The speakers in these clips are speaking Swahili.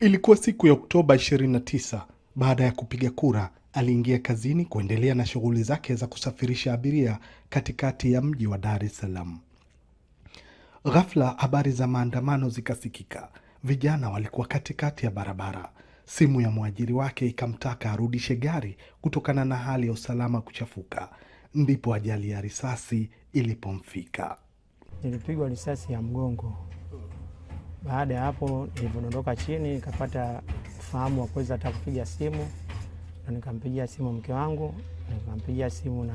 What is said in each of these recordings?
Ilikuwa siku ya Oktoba 29. Baada ya kupiga kura, aliingia kazini kuendelea na shughuli zake za kusafirisha abiria katikati ya mji wa Dar es Salaam. Ghafla habari za maandamano zikasikika. Vijana walikuwa katikati ya barabara. Simu ya mwajiri wake ikamtaka arudishe gari kutokana na hali ya usalama kuchafuka. Ndipo ajali ya risasi ilipomfika. Nilipigwa risasi ya mgongo baada ya hapo nilivyodondoka chini, nikapata fahamu wa kuweza hata kupiga simu, na nikampigia simu mke wangu, nikampigia simu na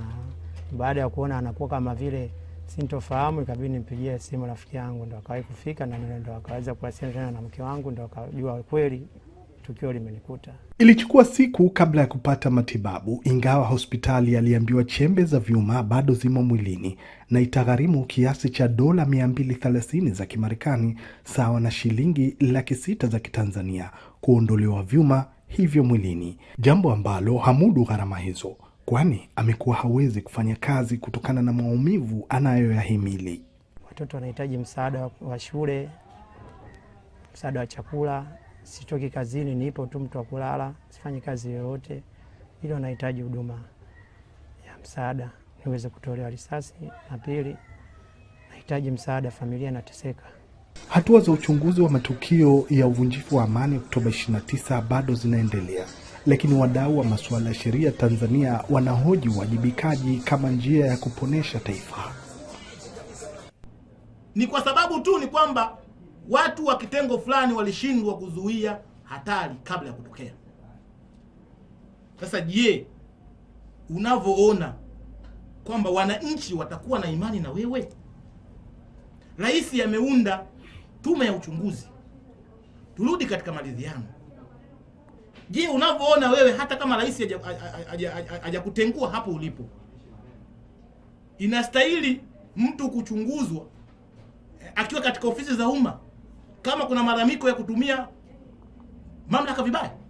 baada ya kuona anakuwa kama vile sintofahamu, ikabidi nimpigie simu rafiki yangu, ndo akawai kufika na ndo akaweza kuwasiliana na mke wangu, ndo akajua kweli tukio limenikuta. Ilichukua siku kabla ya kupata matibabu, ingawa hospitali aliambiwa chembe za vyuma bado zimo mwilini na itagharimu kiasi cha dola 230 za Kimarekani, sawa na shilingi laki sita za Kitanzania kuondolewa vyuma hivyo mwilini, jambo ambalo hamudu gharama hizo, kwani amekuwa hawezi kufanya kazi kutokana na maumivu anayoyahimili. Watoto wanahitaji msaada wa shule, msaada wa chakula sitoki kazini, nipo tu mtu wa kulala, sifanyi kazi yoyote, ilo nahitaji huduma ya msaada niweze kutolewa risasi, na pili nahitaji msaada, familia inateseka. Hatua za uchunguzi wa matukio ya uvunjifu wa amani Oktoba 29 bado zinaendelea, lakini wadau wa masuala ya sheria Tanzania wanahoji uwajibikaji kama njia ya kuponesha taifa. Ni kwa sababu tu ni kwamba watu wa kitengo fulani walishindwa kuzuia hatari kabla ya kutokea. Sasa je, unavyoona kwamba wananchi watakuwa na imani na wewe? Rais ameunda tume ya uchunguzi. Turudi katika maridhiano. Je, unavyoona wewe, hata kama rais hajakutengua hapo ulipo, inastahili mtu kuchunguzwa eh, akiwa katika ofisi za umma? kama kuna malalamiko ya kutumia mamlaka vibaya